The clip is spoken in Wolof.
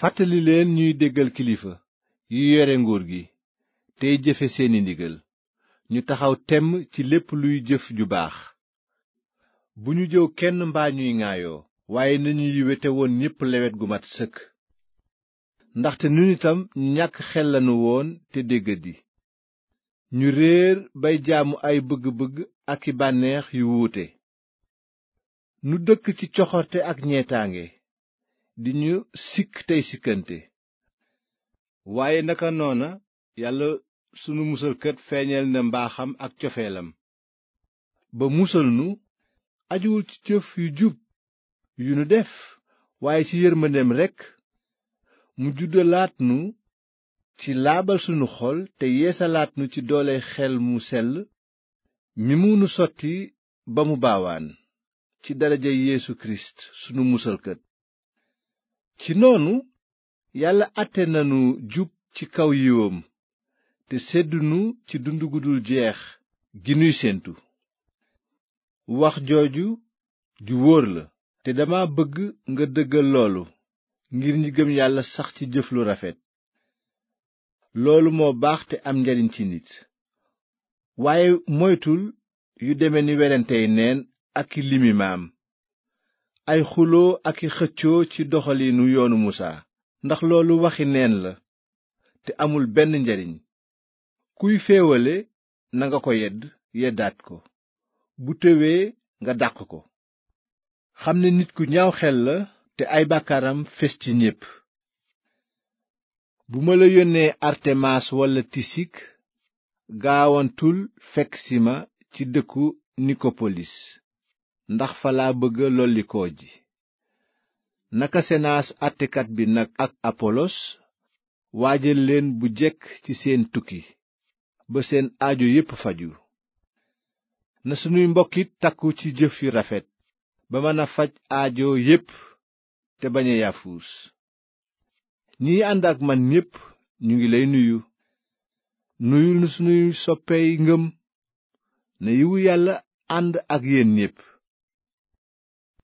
fàttali leen ñuy déggal kilifa yu yore nguur gi tey jëfe seeni ndigal ñu taxaw temm ci lépp luy jëf ju baax bu ñu jëw kenn mbaa ñuy ŋaayoo waaye nañu yiwe te woon ñépp lewet gu mat sëkk ndaxte nun itam ñu ñàkk xel lanu woon te déggadi ñu réer bay jaamu ay bëgg-bëgg ak i bànneex yu wuute nu dëkk ci coxorte ak ñeetaange di ñu sikk tey sikkante waaye naka noona yàlla sunu musalkat feeñal na mbaaxam ak cofeelam ba musal nu ajuwul ci jëf yu jub yu nu def waaye ci yërmandeem rekk mu juddalaat nu ci laabal sunu xol te yeesalaat nu ci doole xel mu sell mi mu sotti ba mu baawaan ci daraja Yeesu Kirist sunu musalkat ci noonu yàlla àtte nanu jub ci kaw yiwam te seddunu ci dund gu dul jeex gi nuy séentu wax jooju ju wóor la te dama bëgg nga dëggal loolu ngir ñi yàlla sax ci jëf lu rafet loolu moo baax te am njariñ ci nit waaye moytul yu deme ni werantey neen ak limi maam ay xuloo aki xëccoo ci doxaliinu yoonu musaa ndax loolu waxi neen la te amul benn njariñ kuy féewale nanga ko yedd yeddaat ko bu tëwee nga dàq ko xam ne nit ku ñaaw xel la te ay bàkkaaram fes ci ñépp bu ma la yónnee artemaas walla tisik gaawantul fekk si ma ci dëkku nikopolis ndax falaa bëgga lollikoo ji naka senaas àttekat bi nag ak apolos waajal leen bu jekk ci seen tukki ba seen aajo yépp faju na sunuy mbokkit takku ci jëf yu rafet ba mën a faj aajo yépp te bañ a yafuus ñi ànd ak man ñépp ñu ngi lay nuyu nuyul nu sunuy soppey ngëm na yiwu yàlla ànd ak yéen ñépp